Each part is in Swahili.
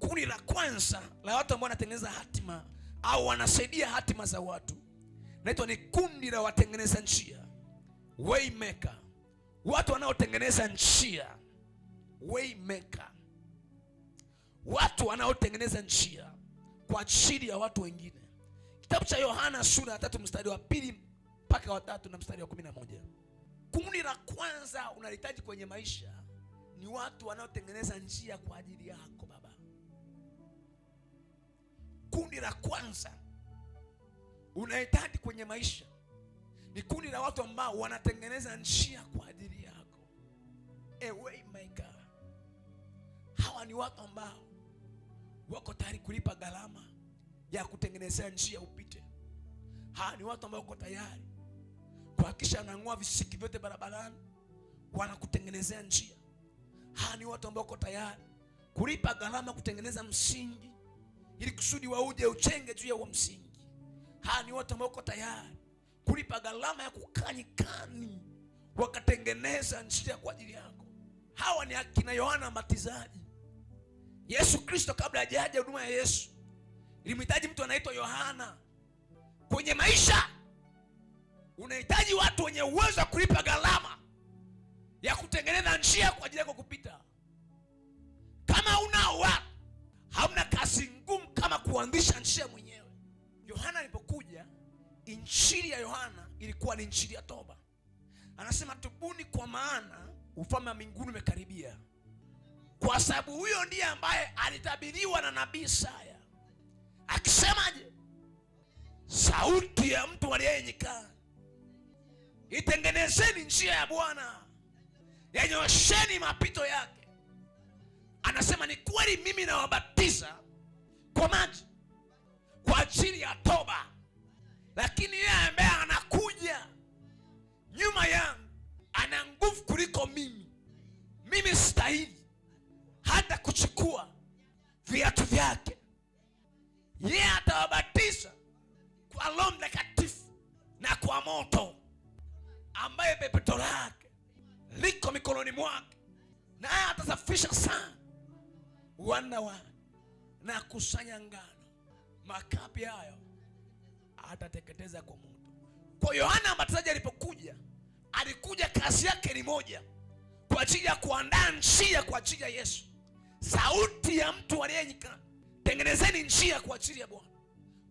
Kundi la kwanza la watu ambao wanatengeneza hatima au wanasaidia hatima za watu naitwa ni kundi la watengeneza njia, waymaker, watu wanaotengeneza njia, waymaker, watu wanaotengeneza njia kwa ajili ya watu wengine. Kitabu cha Yohana sura ya tatu mstari wa pili mpaka wa tatu na mstari wa kumi na moja. Kundi la kwanza unalihitaji kwenye maisha ni watu wanaotengeneza njia kwa ajili yako Baba. Kundi la kwanza unahitaji kwenye maisha ni kundi la watu ambao wanatengeneza njia kwa ajili yako. Ewe my God, hawa ni watu ambao wako tayari kulipa gharama ya kutengenezea njia upite. Hawa ni watu ambao wako tayari kuhakisha wanang'oa visiki vyote barabarani, wanakutengenezea njia. Hawa ni watu ambao wako tayari kulipa gharama kutengeneza msingi ili kusudi wauje uchenge juu ya huo msingi. Haa, ni watu ambao wako tayari kulipa gharama ya kukaa wakatengeneza njia kwa ajili yako. Hawa ni akina Yohana Mbatizaji. Yesu Kristo kabla hajaja, huduma ya Yesu ilimhitaji mtu anaitwa Yohana. Kwenye maisha unahitaji watu wenye uwezo wa kulipa gharama ya kutengeneza njia kwa ajili yako kupita. Kama unao wa hamna kasi kama kuanzisha nchi ya mwenyewe. Yohana alipokuja, injili ya Yohana ilikuwa ni injili ya toba. Anasema tubuni, kwa maana ufalme wa mbinguni umekaribia, kwa sababu huyo ndiye ambaye alitabiriwa na nabii Isaya akisemaje? Sauti ya mtu aliye itengenezeni njia ya Bwana, yanyosheni mapito yake. Anasema ni kweli, mimi nawabatiza mkomaji kwa ajili ya toba, lakini yeye ambaye anakuja nyuma yangu ana nguvu kuliko mimi. Mimi stahili hata kuchukua viatu vyake. Yeye atawabatiza kwa Roho Mtakatifu na kwa moto, ambaye pepeto lake liko mikononi mwake, naye atasafisha sana wana wake na kusanya ngano, makapi hayo atateketeza kwa moto. Kwa Yohana Mbatizaji alipokuja, alikuja kazi yake ni moja, kwa ajili ya kuandaa njia kwa ajili ya Yesu. Sauti ya mtu aliyenyika, tengenezeni njia kwa ajili ya Bwana.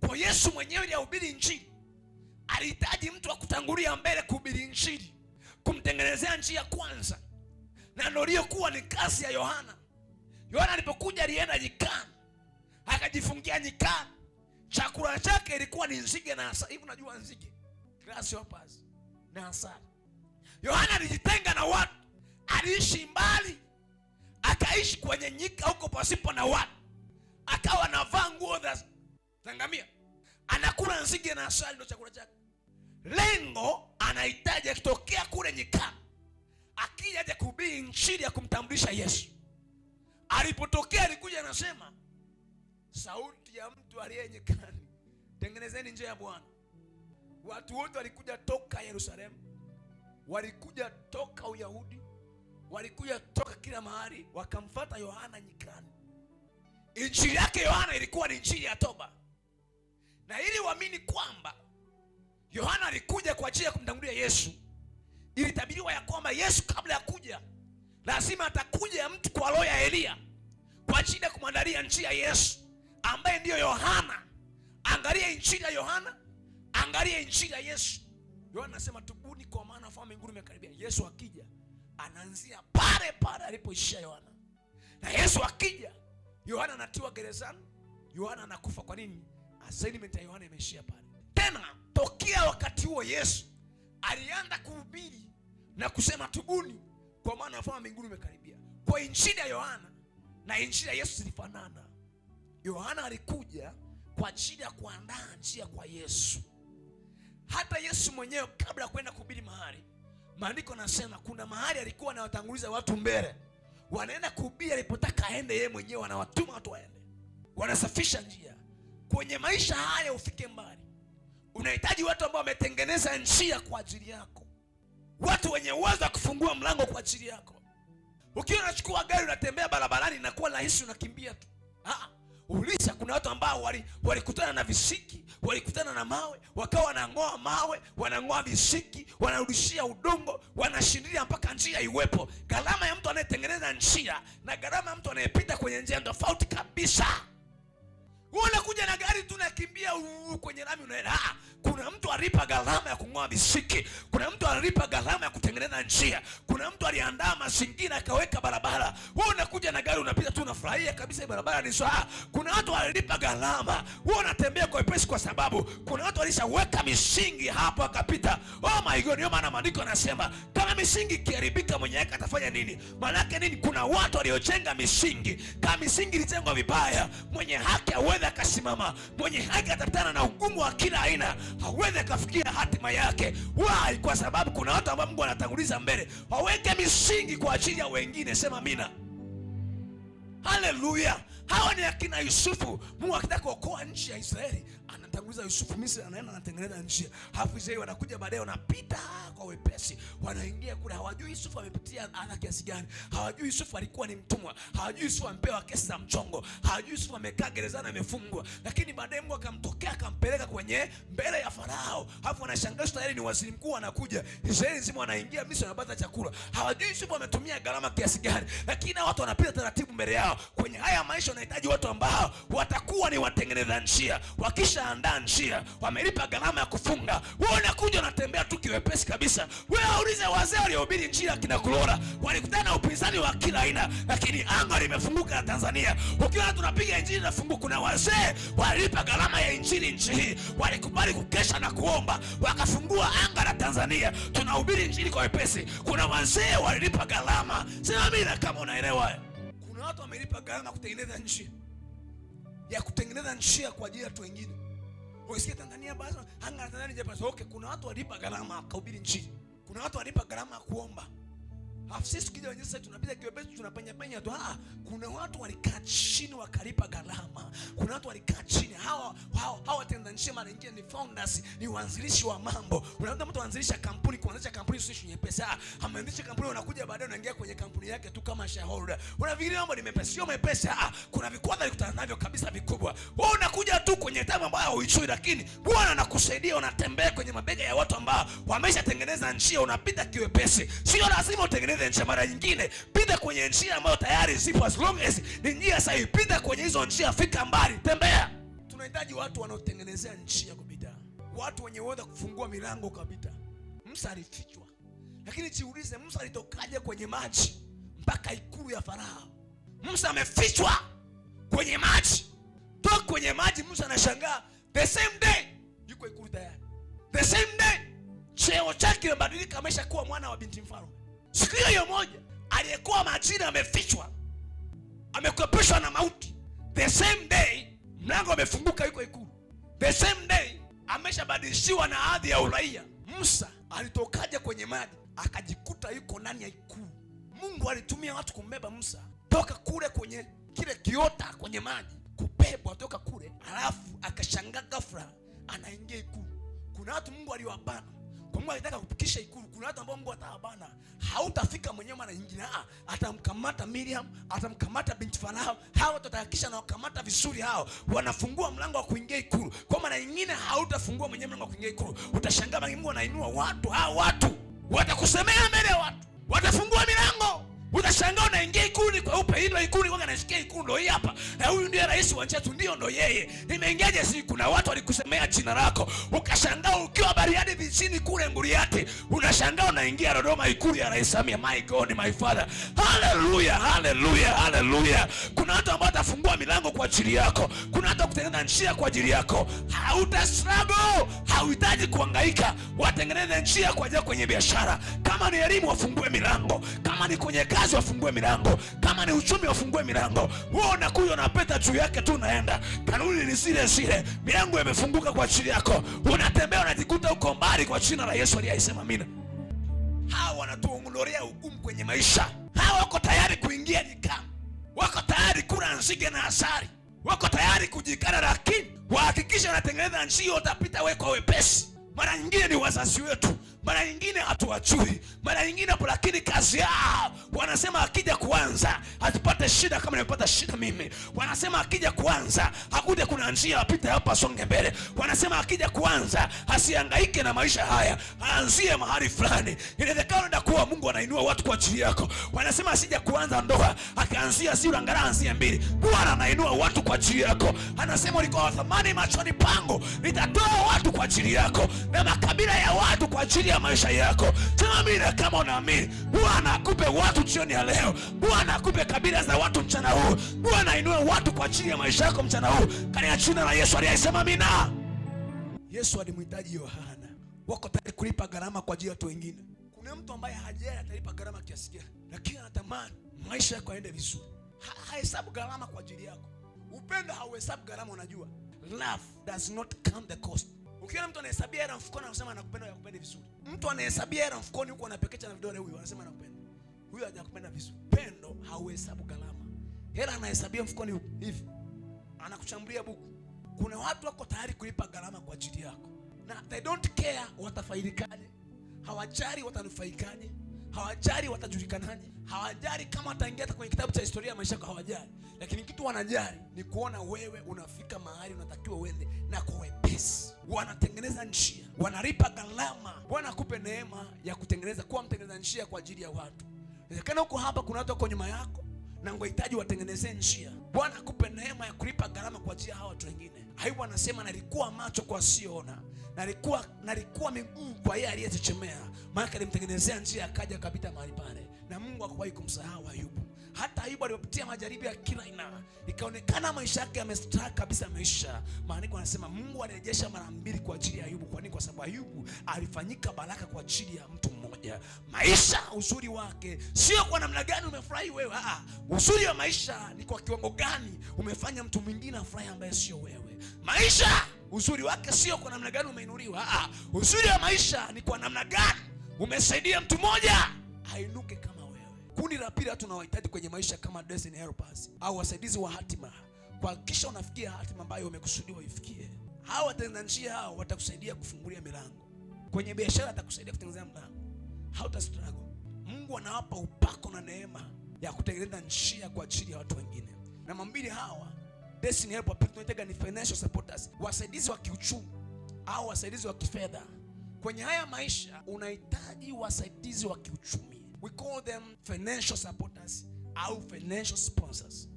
Kwa Yesu mwenyewe alihubiri Injili, alihitaji mtu wa kutangulia mbele kuhubiri Injili, kumtengenezea njia kwanza, na ndio iliyokuwa ni kazi ya Yohana. Yohana alipokuja alienda jikani akajifungia nyikani. Chakula chake ilikuwa ni nzige na asali. Hivi unajua nzige grasshoppers na asali. Yohana alijitenga na watu, aliishi mbali, akaishi kwenye nyika huko pasipo na watu, akawa anavaa nguo za ngamia, anakula nzige na asali, ndio chakula chake. Lengo anahitaji akitokea kule nyikani, akija aje kuhubiri injili ya kumtambulisha Yesu. Alipotokea alikuja anasema sauti ya mtu aliye nyikani, tengenezeni njia ya Bwana. Watu wote walikuja toka Yerusalemu, walikuja toka Uyahudi, walikuja toka kila mahali, wakamfata Yohana nyikani. Injili yake Yohana ilikuwa ni injili ya toba, na ili waamini kwamba Yohana alikuja kwa ajili ya kumtangulia Yesu, ilitabiriwa ya kwamba Yesu kabla ya kuja lazima atakuja mtu kwa roho ya Eliya kwa ajili ya kumwandalia njia Yesu ambaye ndiyo Yohana. Angalia injili ya Yohana, angalia injili ya Yesu. Yohana anasema tubuni, kwa maana ufalme wa mbinguni umekaribia. Yesu akija anaanzia pale pale alipoishia Yohana, na Yesu akija, Yohana anatiwa gerezani, Yohana anakufa. Kwa nini? Assignment ya Yohana imeishia pale. Tena tokea wakati huo Yesu alianza kuhubiri na kusema tubuni, kwa maana ufalme wa mbinguni umekaribia. Kwa injili ya Yohana na injili ya Yesu zilifanana. Yohana alikuja kwa ajili ya kuandaa njia kwa Yesu. Hata Yesu mwenyewe kabla ya kwenda kuhubiri mahali, maandiko anasema kuna mahali alikuwa anawatanguliza watu mbele, wanaenda kuhubiri. Alipotaka aende yeye mwenyewe, anawatuma watu waende, wanasafisha njia. Kwenye maisha haya ufike mbali, unahitaji watu ambao wametengeneza njia kwa ajili yako, watu wenye uwezo wa kufungua mlango kwa ajili yako. Ukiwa unachukua gari unatembea barabarani, inakuwa rahisi, unakimbia tu. Ah ulisa kuna watu ambao walikutana wali na visiki, walikutana na mawe, wakawa wanang'oa mawe, wanang'oa visiki, wanarudishia udongo, wanashindilia mpaka njia iwepo. Gharama ya mtu anayetengeneza njia na gharama ya mtu anayepita kwenye njia tofauti kabisa. Unakuja na gari tunakimbia kwenye lami unaenda. Ah, kuna mtu alipa gharama ya kung'oa bisiki kuna mtu alipa gharama ya kutengeneza njia, kuna mtu aliandaa mazingira akaweka barabara. Wewe unakuja na gari unapita tu unafurahia kabisa, barabara ni sawa. Kuna watu walilipa gharama, wewe unatembea kwa ipesi, kwa sababu kuna watu walishaweka misingi hapo akapita. Oh my God, ndio maana maandiko yanasema misingi ikiharibika mwenye yake atafanya nini? Maanake nini? Kuna watu waliojenga misingi. Kama misingi ilijengwa vibaya, mwenye haki hawezi akasimama. Mwenye haki atakutana na ugumu wa kila aina, hawezi akafikia hatima yake. Why? Kwa sababu kuna watu ambao Mungu anatanguliza mbele, waweke misingi kwa ajili ya wengine. Sema mina. Haleluya! Hawa ni akina Yusufu. Mungu akitaka kuokoa nchi ya Israeli anatanguliza Yusufu Misri, anaenda anatengeneza njia, halafu Israeli wanakuja baadaye, wanapita kwa wepesi, wanaingia kule. Hawajui Yusufu amepitia ana kiasi gani, hawajui Yusufu alikuwa ni mtumwa, hawajui Yusufu amepewa kesi za mchongo, hawajui Yusufu amekaa gerezani amefungwa, lakini baadaye Mungu akamtokea akampeleka kwenye mbele ya Farao. Halafu wanashangaa tayari ni waziri mkuu anakuja, Israeli nzima wanaingia Misri, wanapata chakula, hawajui Yusufu ametumia gharama kiasi gani, lakini watu wanapita taratibu mbele yao. Kwenye haya maisha wanahitaji watu ambao watakuwa ni watengeneza njia wakisha wameshaandaa njia, wamelipa gharama ya kufunga, wewe unakuja unatembea tu kiwepesi kabisa. Wewe waulize wazee waliohubiri njia kina Kulora, walikutana na upinzani wa kila aina, lakini anga limefunguka na Tanzania. Ukiona tunapiga injili na fungu, kuna wazee walilipa gharama ya injili nchi hii, walikubali kukesha na kuomba, wakafungua anga la Tanzania. Tunahubiri injili kwa wepesi, kuna wazee walilipa gharama. Sema mimi kama unaelewa, kuna watu wamelipa gharama kutengeneza nchi ya kutengeneza njia kwa ajili ya watu wengine. Usikie Tanzania basi hanga Tanzania je basi okay, kuna watu walipa gharama kuhubiri nchi. Kuna watu walipa gharama ya kuomba. Halafu sisi tukija wenyewe sasa tunapita kiwepesi tunapenya penya tu. Ah, kuna watu walikaa chini wakalipa gharama. Kuna watu walikaa chini. Hawa nchi mara nyingine ni founders, ni waanzilishi wa mambo. Unaona mtu anaanzisha kampuni, kuanzisha kampuni sio nyepesi. Ah, ameanzisha kampuni, unakuja baadaye unaingia kwenye kampuni yake tu kama shareholder. Unafikiria mambo ni mepesi, sio mepesi. Ah, kuna vikwazo vikutana navyo kabisa vikubwa. Wewe unakuja tu kwenye tabu ambayo huichui, lakini Bwana anakusaidia, unatembea kwenye mabega ya watu ambao wameshatengeneza njia, unapita kiwepesi. Sio lazima utengeneze njia mara nyingine, pita kwenye njia ambayo tayari zipo, as long as ni njia sahihi, pita kwenye hizo njia, fika mbali, tembea unahitaji watu wanaotengenezea nchi ya kupita, watu wenye uwezo kufungua milango ukapita. Musa alifichwa, lakini jiulize, Musa alitokaje kwenye maji mpaka ikulu ya Farao? Musa amefichwa kwenye maji, toka kwenye maji. Musa anashangaa, the same day yuko ikulu tayari, the same day cheo chake kimebadilika, ameshakuwa mwana wa binti mfalme. Siku hiyo hiyo moja aliyekuwa majini amefichwa, amekwepeshwa na mauti, the same day mlango umefunguka, yuko Ikulu the same day, ameshabadilishiwa na hadhi ya uraia. Musa alitokaje kwenye maji akajikuta yuko ndani ya Ikulu? Mungu alitumia watu kumbeba Musa toka kule kwenye kile kiota kwenye maji, kubebwa toka kule, alafu akashangaa ghafla anaingia Ikulu. Kuna watu Mungu aliwabana kwa Mungu alitaka kupikisha ikulu. Kuna watu ambao Mungu atawabana, hautafika mwenyewe mara nyingine. atamkamata Miriam, atamkamata binti Farao. Hao watu watahakisha na wakamata vizuri, hao wanafungua mlango wa kuingia ikulu. Kwa mara nyingine hautafungua mwenyewe mlango wa kuingia ikulu, utashangaa Mungu anainua watu. Hao watu watakusemea mbele ya watu, watafungua milango Utashangaa unaingia ikuni kweupe, hilo ikuni kwanza nasikia ikuni ndo hii hapa, na huyu ndiye rais wa nchi yetu, ndio ndo yeye. Nimeingiaje siku kuna watu walikusemea jina lako, ukashangaa ukiwa Bariadi vichini kule Nguriati, unashangaa unaingia Dodoma ikulu ya Rais Samia. My God, my Father, haleluya, haleluya, haleluya. Kuna watu ambao watafungua milango kwa ajili yako, kuna watu kutengeneza njia kwa ajili yako. Hauta struggle, hauhitaji kuhangaika. Watengeneze njia kwa ajili kwenye biashara, kama ni elimu wafungue milango, kama ni kwenye kazi wafungue milango, kama ni uchumi wafungue milango. Wewe unakuja unapeta juu yake tu unaenda, kanuni ni zile zile. Milango imefunguka kwa ajili yako, unatembea unajikuta uko mbali, kwa jina la Yesu aliyesema. Amina. Hawa wanatuongolea hukumu kwenye maisha. Hawa wako tayari kuingia nyika, wako tayari kula nzige na asari, wako tayari kujikana, lakini wahakikisha unatengeneza njia utapita wewe kwa wepesi. Mara nyingine ni wazazi wetu mara nyingine hatuwachui, mara nyingine hapo, lakini kazi yao wanasema akija kuanza hatupate shida kama nimepata shida mimi. Wanasema akija kuanza hakuja, kuna njia apite hapa asonge mbele. Wanasema akija kuanza asihangaike na maisha haya, aanzie mahali fulani. Inawezekana na kuwa Mungu anainua watu kwa ajili yako. Wanasema asija kuanza ndoa akaanzia si ngara anzie mbili. Bwana anainua watu kwa ajili yako, anasema ulikuwa thamani machoni pangu, nitatoa watu kwa ajili yako na makabila ya watu kwa ajili ya maisha yako. Sema mimi kama unaamini. Bwana akupe watu jioni ya leo. Bwana akupe kabila za watu mchana huu. Bwana ainue watu kwa ajili ya maisha yako mchana huu, katika jina la Yesu aliye sema mina. Yesu alimhitaji Yohana. Wako tayari kulipa gharama kwa ajili ya watu wengine. Kuna mtu ambaye hajaya atalipa gharama kiasi gani, lakini anatamani maisha yako aende vizuri. Hahesabu gharama kwa ajili yako. Upendo hauhesabu gharama. Unajua, love does not count the cost Ukiona mtu anahesabia hela mfukoni anasema anakupenda, au yakupende vizuri. Mtu anahesabia hela mfukoni huko anapekecha na vidole, huyo anasema anakupenda, Huyo hajakupenda vizuri. Pendo hauhesabu gharama. Hela anahesabia mfukoni huko hivi, anakuchambulia buku. Kuna watu wako tayari kulipa gharama kwa ajili yako, na they don't care watafaidikaje, hawajali watanufaikaje, hawajali watajulikanaje, hawajali kama wataingia kwenye kitabu cha historia ya maisha yako, hawajali lakini kitu wanajali ni kuona wewe unafika mahali unatakiwa uende na kwa wepesi. Wanatengeneza njia, wanalipa gharama. Bwana akupe neema ya kutengeneza, kuwa mtengeneza njia kwa ajili ya watu. Inawezekana huko hapa kuna watu wako nyuma yako na ngohitaji watengenezee njia. Bwana akupe neema ya kulipa gharama kwa ajili ya hawa watu wengine. Ayubu anasema nalikuwa macho kwa wasioona, nalikuwa nalikuwa miguu kwa yeye aliyechechemea, maanake alimtengenezea njia, akaja akapita mahali pale, na Mungu akuwahi kumsahau Ayubu. Hata Ayubu alipopitia majaribu ya kila aina, ikaonekana maisha yake yamestra kabisa maisha Maandiko anasema Mungu alirejesha mara mbili kwa ajili ya Ayubu. Kwa nini? Kwa sababu Ayubu alifanyika baraka kwa ajili ya mtu mmoja. Maisha uzuri wake sio kwa namna gani umefurahi wewe, ah, uzuri wa maisha ni kwa kiwango gani umefanya mtu mwingine afurahi ambaye sio wewe. Maisha uzuri wake sio kwa namna gani umeinuliwa, ah, uzuri wa maisha ni kwa namna gani umesaidia mtu mmoja ainuke kama Kundi la pili, watu nawahitaji kwenye maisha kama destiny helpers au wasaidizi wa hatima, kuhakikisha unafikia hatima ambayo umekusudiwa ifikie. Hawa watengeneza njia hao watakusaidia kufungulia milango kwenye biashara, atakusaidia kutengeneza mlango, hauta struggle. Mungu anawapa upako na neema ya kutengeneza njia kwa ajili ya watu wengine. Namba mbili, hawa destiny helpers tunaitaga ni financial supporters, wasaidizi wa kiuchumi au wasaidizi wa kifedha. Kwenye haya maisha unahitaji wasaidizi wa kiuchumi we call them financial supporters au financial sponsors.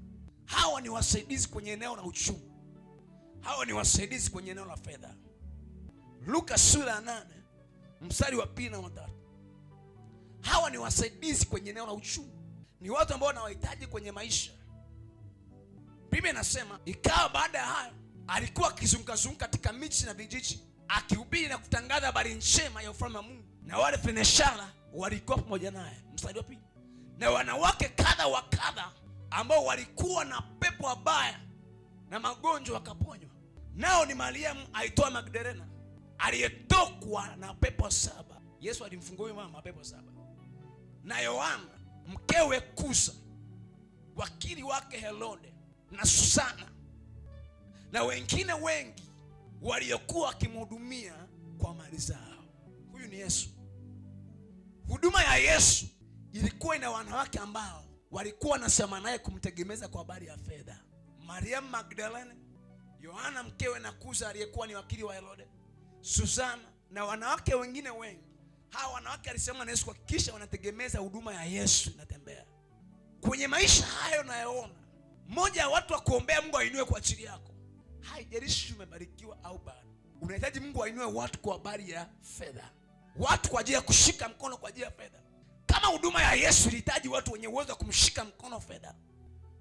Hawa ni wasaidizi kwenye eneo la uchumi, hawa ni wasaidizi kwenye eneo la fedha. Luka sura ya 8 mstari wa pili na watatu. Hawa ni wasaidizi kwenye eneo la uchumi, ni watu ambao wanawahitaji kwenye maisha. Biblia inasema ikawa baada ya hayo alikuwa akizungukazunguka katika miji na vijiji akihubiri na kutangaza habari njema ya ufalme wa Mungu, na wale fanashara walikuwa pamoja naye. Mstari wa pili, na wanawake kadha wa kadha ambao walikuwa na pepo wabaya na magonjwa wakaponywa, nao ni Mariamu aitoa Magdalena aliyetokwa na pepo saba. Yesu alimfungua huyo mama pepo saba, na Yohana mkewe Kusa, wakili wake Herode na Susana na wengine wengi waliokuwa wakimhudumia kwa mali zao. Huyu ni Yesu. Huduma ya Yesu ilikuwa ina wanawake ambao walikuwa wanasema naye kumtegemeza kwa habari ya fedha. Mariamu Magdalene, Yohana mkewe na Kuza aliyekuwa ni wakili wa Herode, Susana na wanawake wengine wengi. Hawa wanawake alisema na Yesu kuhakikisha wanategemeza huduma ya Yesu inatembea kwenye maisha hayo. Nayoona mmoja ya watu wa kuombea Mungu ainue kwa ajili yako, haijalishi umebarikiwa au bado, unahitaji Mungu ainue watu kwa habari ya fedha watu kwa ajili ya kushika mkono kwa ajili ya fedha. Kama huduma ya Yesu ilihitaji watu wenye uwezo wa kumshika mkono fedha,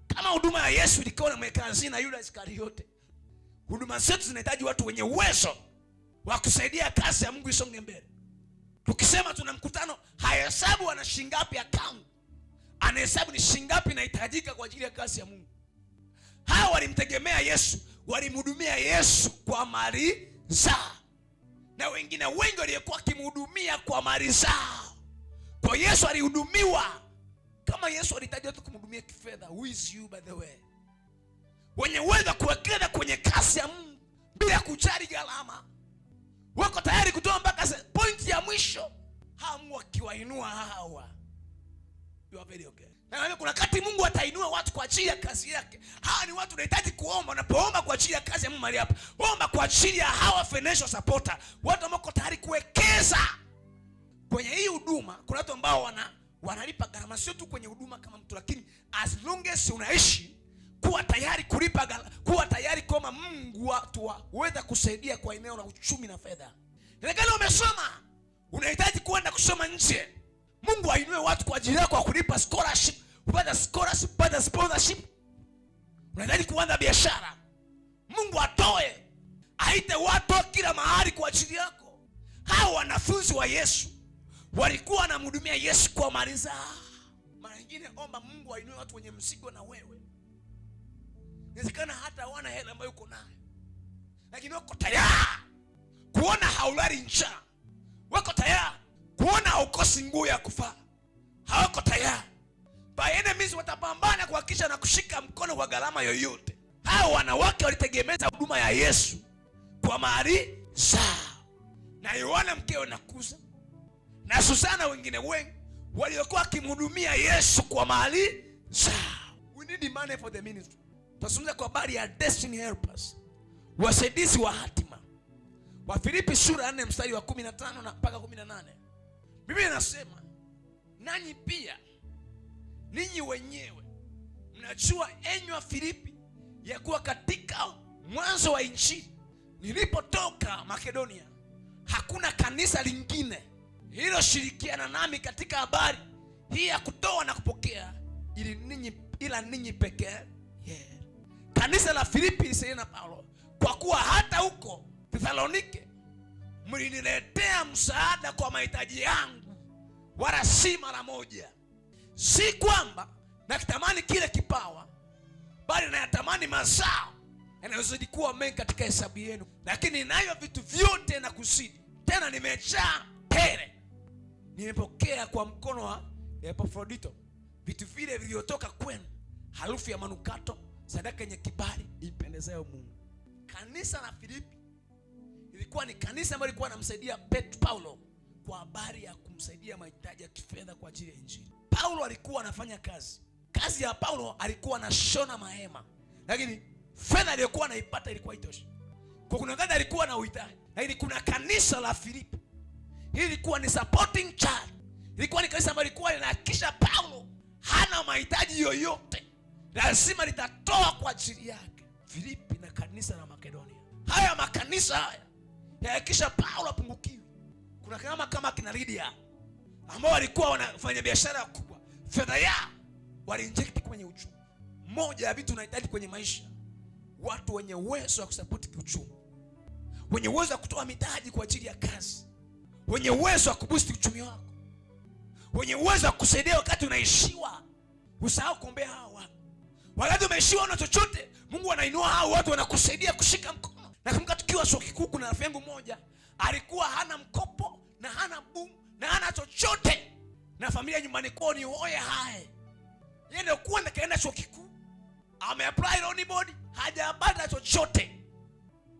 kama huduma ya Yesu ilikuwa na mweka hazina yule Iskariote, huduma zetu zinahitaji watu wenye uwezo wa kusaidia kazi ya Mungu isonge mbele. Tukisema tuna mkutano, hahesabu ana shilingi ngapi akaunti, anahesabu ni shilingi ngapi inahitajika kwa ajili ya kazi ya Mungu. Hawa walimtegemea Yesu, walimhudumia Yesu kwa mali zao na wengine wengi waliokuwa wakimhudumia kwa mali zao. Kwa Yesu alihudumiwa kama Yesu alihitaji watu kumhudumia kifedha. Who is you by the way, wenye uwezo kuwekeza kwenye kasi ya Mungu bila kujali gharama, wako tayari kutoa mpaka pointi ya mwisho. Hawa Mungu akiwainua hawa, you are very okay Naona kuna wakati Mungu atainua watu kwa ajili ya kazi yake. Hawa ni watu wanahitaji kuomba, unapoomba kwa ajili ya kazi ya Mungu mahali hapa. Omba kwa ajili ya hawa financial supporter, watu ambao wako tayari kuwekeza kwenye hii huduma. Kuna watu ambao wana wanalipa gharama sio tu kwenye huduma kama mtu, lakini as long as unaishi kuwa tayari kulipa gharama, kuwa tayari kama Mungu watu waweza kusaidia kwa eneo la uchumi na fedha. Inawezekana umesoma, unahitaji kuenda kusoma nje. Mungu ainue watu kwa ajili yako, akulipa scholarship, kupata scholarship, kupata sponsorship. Unahitaji kuanza biashara, Mungu atoe, aite watu kila mahali kwa ajili yako. Hao wanafunzi wa Yesu walikuwa wanamhudumia Yesu kwa mali zao. Mara nyingine omba Mungu ainue watu wenye mzigo na wewe. Inawezekana hata hawana hela ambayo uko nayo, lakini wako tayari kuona haulali njaa wanakosa nguo ya kuvaa, hawako tayari. By enemies watapambana kuhakikisha na kushika mkono kwa gharama yoyote. Hao wanawake walitegemeza huduma ya Yesu kwa mali zao, na Yohana mkeo nakuza na Susana wengine wengi waliokuwa wakimhudumia Yesu kwa mali zao. We need money for the ministry. Tunazungumza kwa habari ya destiny helpers, wasaidizi wa hatima, Wafilipi sura 4 mstari wa 15 na mpaka 18. Biblia inasema nanyi pia ninyi wenyewe mnajua, enywa Filipi, ya kuwa katika mwanzo wa nchi nilipotoka Makedonia hakuna kanisa lingine lililoshirikiana nami katika habari hii ya kutoa na kupokea, ili ninyi ila ninyi pekee yeah. Kanisa la Filipi lisaidia na Paulo, kwa kuwa hata huko Thesalonike mliniletea msaada kwa mahitaji yangu, wala si mara moja. Si kwamba nakitamani kile kipawa, bali nayatamani mazao yanayozidi kuwa mengi katika hesabu yenu. Lakini ninayo vitu vyote na kusidi tena, nimejaa tele. Nimepokea kwa mkono wa Epafrodito vitu vile vilivyotoka kwenu, harufu ya manukato, sadaka yenye kibali, impendezayo Mungu. Kanisa la Filipi ilikuwa ni kanisa ambalo lilikuwa anamsaidia Paulo kwa habari ya kumsaidia mahitaji ya kifedha kwa ajili ya injili. Paulo alikuwa anafanya kazi, kazi ya Paulo alikuwa anashona mahema, lakini fedha aliyokuwa anaipata ilikuwa itoshi kwa kuna gani alikuwa na uhitaji, lakini kuna kanisa la Filipi, hili ilikuwa ni supporting church, ilikuwa ni kanisa ambalo lilikuwa linahakikisha Paulo hana mahitaji yoyote, lazima litatoa kwa ajili yake. Filipi na kanisa la Makedonia, haya makanisa haya Eh, kisha Paulo apungukiwi. Kuna kama kama kina Lydia ambao walikuwa wanafanya biashara kubwa, fedha yao waliinject kwenye uchumi. Moja ya vitu unahitaji kwenye maisha, watu wenye uwezo wa kusupport kiuchumi, wenye uwezo wa kutoa mitaji kwa ajili ya kazi, wenye uwezo wa kuboost uchumi wako, wenye uwezo wa kusaidia wakati unaishiwa. Usahau kuombea hao watu, wakati umeishiwa na chochote, Mungu anainua hao watu, wanakusaidia kushika mkono. Nakumbuka tukiwa chuo kikuu, kuna rafiki yangu mmoja alikuwa hana mkopo na hana bumu na hana chochote, na familia nyumbani kwao ni oye hae. Yeye ndio kwenda kaenda chuo kikuu, apply loan board, hajapata chochote.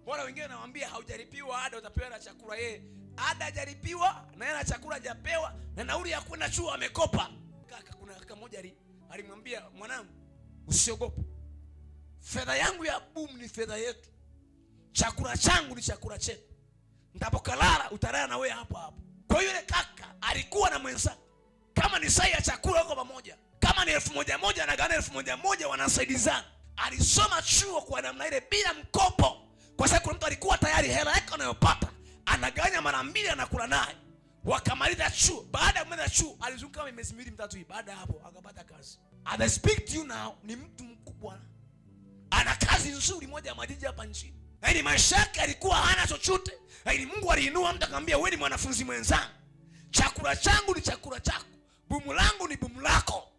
Bora wengine nawaambia, haujaripiwa ada, utapewa na chakula. Yeye ada hajaribiwa na yeye na chakula hajapewa, na nauli ya kwenda chuo amekopa. Kaka, kuna kaka mmoja alimwambia mwanangu, usiogope, fedha yangu ya boom ni fedha yetu chakula changu ni chakula chenu, ntapokalala utalala na wewe hapo hapo. Kwa hiyo yule kaka alikuwa na mwenza, kama ni sai ya chakula wako pamoja, kama ni elfu moja moja anagawana elfu moja moja, wanasaidizana. Alisoma chuo kwa namna ile bila mkopo, kwa sababu kuna mtu alikuwa tayari hela yake anayopata anagawanya mara mbili, anakula naye. Wakamaliza chuo. Baada ya kumaliza chuo, alizunguka kama miezi miwili mitatu. Baada hapo akapata kazi. I speak to you now, ni mtu mkubwa, ana kazi nzuri moja ya majiji hapa nchini. Yaani maisha yake alikuwa hana chochote, yaani Mungu aliinua mtu akamwambia, wewe ni mwanafunzi mwenzangu, chakula changu ni chakula chako, bumu langu ni bumu lako.